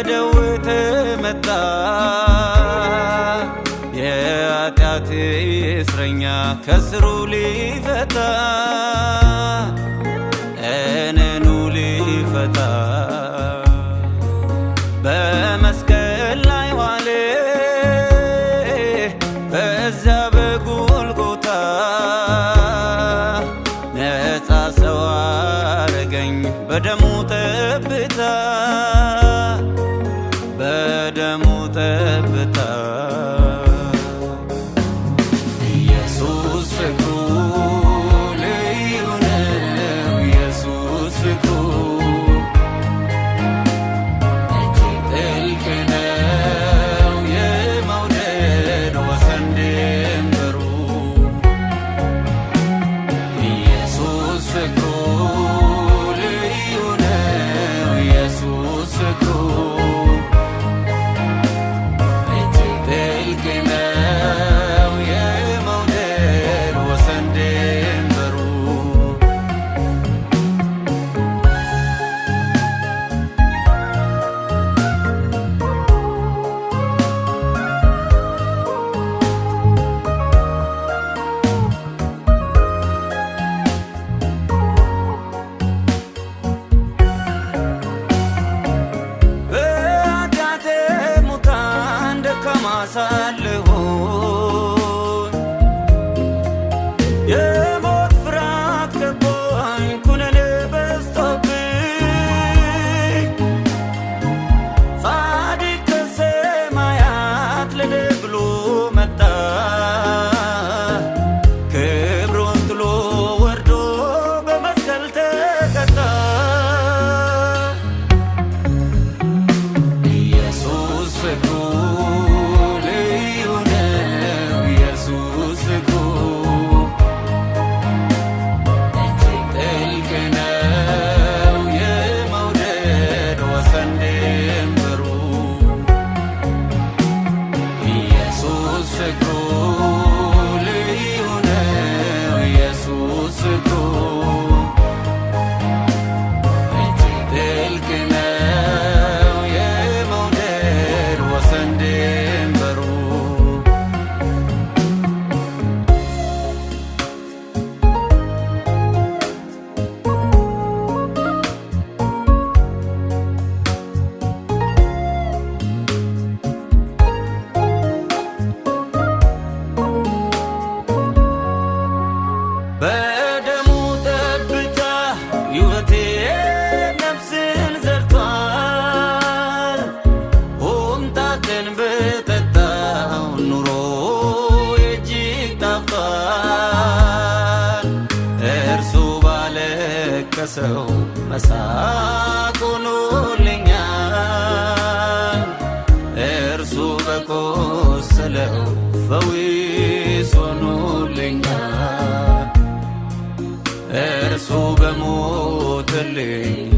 በደው ተመታ የኃጢአት እስረኛ ከስሩ ሊፈታ በደሙ ጠብታ አሳልሆ ሰው መሳቅ ሆኖልኛል። እርሱ በቆሰለው ፈዊስ ሆኖልኛል። እርሱ በሞተልኝ